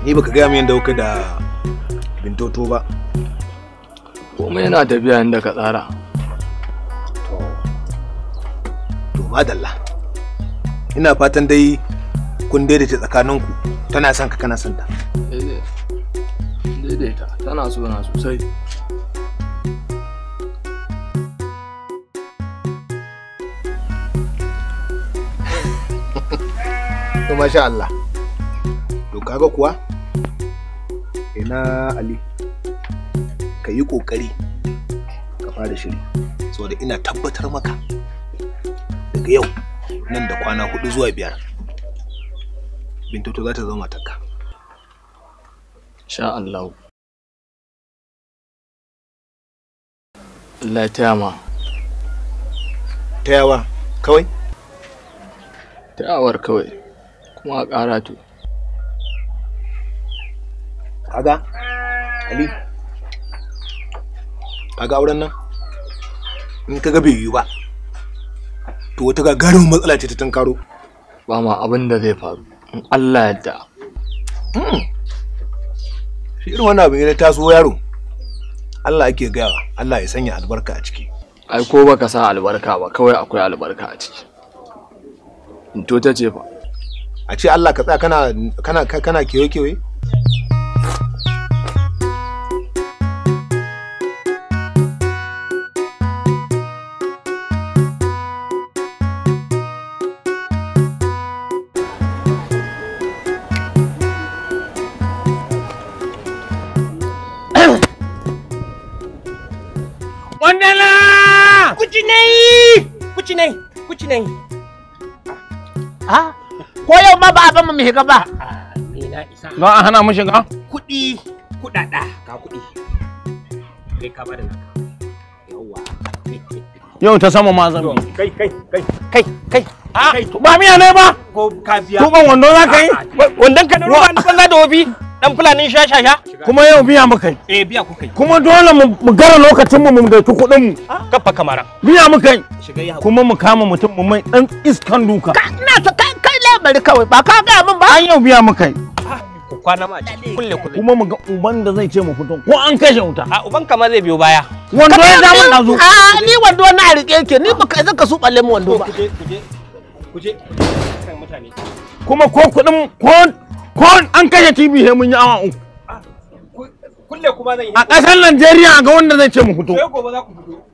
ni baka gaya min da kuka da bintoto ba komai yana tafiya inda ka tsara to to madalla ina fatan dai kun daidaita tsakaninku tana son ka kana son ta daidaita tana so na sosai to masha Allah to kaga kuwa ina eh, ali ka yi ƙoƙari ka fara shiri saboda ina tabbatar maka daga yau nan da kwana hudu zuwa biyar bintoto za ta zama taka sha Allah Allah taya ma tayawa kawai tayawar kawai kuma a ƙara kaga ali kaga auren nan in kaga bai yiwu ba to wata gagarin matsala ce ta tankaro ba ma abin da zai faru in Allah yadda hmm. shi irin wannan abin ya taso yaro Allah ake gaya Allah ya sanya albarka a ciki ai ko baka sa albarka ba kawai akwai albarka a ciki in to ta ce fa a ce Allah ka tsaya kana kana kana kewe kewe Wandala! nahi! Kucinai! nahi! Ha? Ko yau ma ba a ba mu shiga ba? Ah, isa. hana mu shiga? Kuɗi, kuɗaɗa, ka kuɗi. Kai ka bada Yawwa. Yau ta sama ma zami. Kai, kai, kai. Kai, kai. Ba miya ne ba? Ko Ko wando za ka yi? Wandon ka da ruwa na banza da wofi. dan fulanin sha sha sha kuma yau biya muka yi eh biya kuka yi kuma dole mu gara lokacin mu mu ku kuɗin mu ah, kafa kamara biya muka yi kuma mu kama mutum mu mai dan iskan duka ina ta kai kai labari kawai ba ka ga min ba an yau biya muka yi ah, kwana ma ce kulle kulle kuma mu ga uban da zai ce mu fito ko an kashe wuta a ah, uban kama zai biyo baya wando ya zama na zo a ni wando na rike yake ni baka zaka su balle mu wando ba kuje kuje kuje kuma ko kuɗin ko ko an kashe tv sai mun yi awa uku ah, kulle kuma zan a ga wanda zai ce mu fito fito